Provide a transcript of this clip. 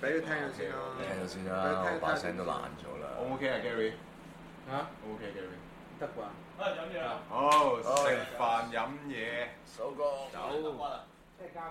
俾佢聽下先咯，聽先啦，我把聲都爛咗啦。O 唔 O K 啊 Gary？嚇？O K Gary？得啩？好食、oh, 飯飲嘢，走哥走。即係加